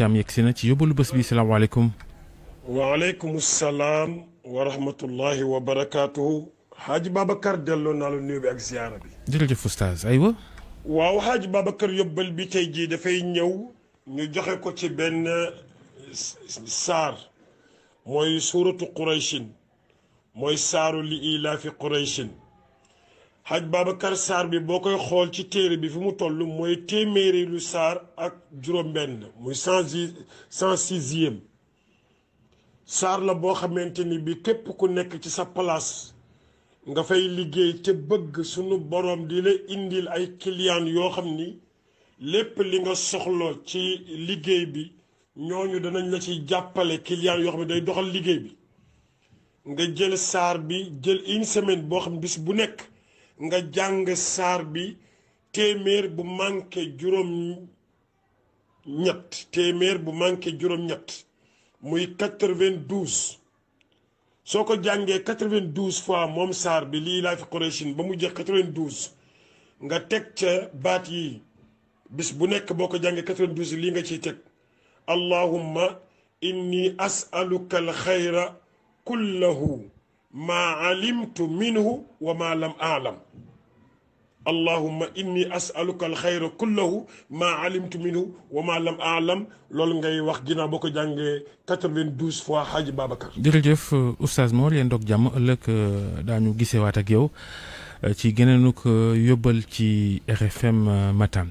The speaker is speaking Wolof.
Thiam yegg si na ci yóbbalu bés bi salaamaaleykum. waaleykum salaam wa rahmatullahi wa barakaatuhu. Haji Babacar delloo naa la nuyu bi ak ziyaara bi. jërëjëf oustaz aywa. waaw Haji Babacar yóbbal bi tey jii dafay ñëw ñu joxe ko ci benn saar mooy suuratu Qurayshin mooy saaru li ilaafi Qurayshin xaj Babacar Sarr bi boo koy xool ci téere bi fi mu toll mooy téeméeri lu saar ak juróom-benn muy cent six cent sixième saar la boo xamante ni bi képp ku nekk ci sa palaas nga fay liggéey te bëgg sunu borom di indil ay client yoo xam ni lépp li nga soxla ci liggéey bi ñooñu danañ la ci jàppale client yoo xam ne day doxal liggéey bi nga jël saar bi jël une semaine boo xam bis bu nekk. nga jàng saar bi téeméer bu manqué juróom ñett bu manqué juróom muy quatre vingt soo ko jàngee quatre fois moom saar bi lii laa fi Qurayshin ba mu jeex quatre vingt nga teg ca baat yi bis bu nekk boo ko jàngee quatre lii nga ci teg allahumma inni as'aluka alxayra kullahu ما علمت منه وما لم أعلم اللهم إني أسألك الخير كله ما علمت منه وما لم أعلم لول غاي واخ جينا بوكو جانغي 92 فوا حاج بابكر ديرجيف استاذ مول يندوك جام لك دانيو غيسي وات ak yow euh, ci geneenuk yobal ci rfm euh,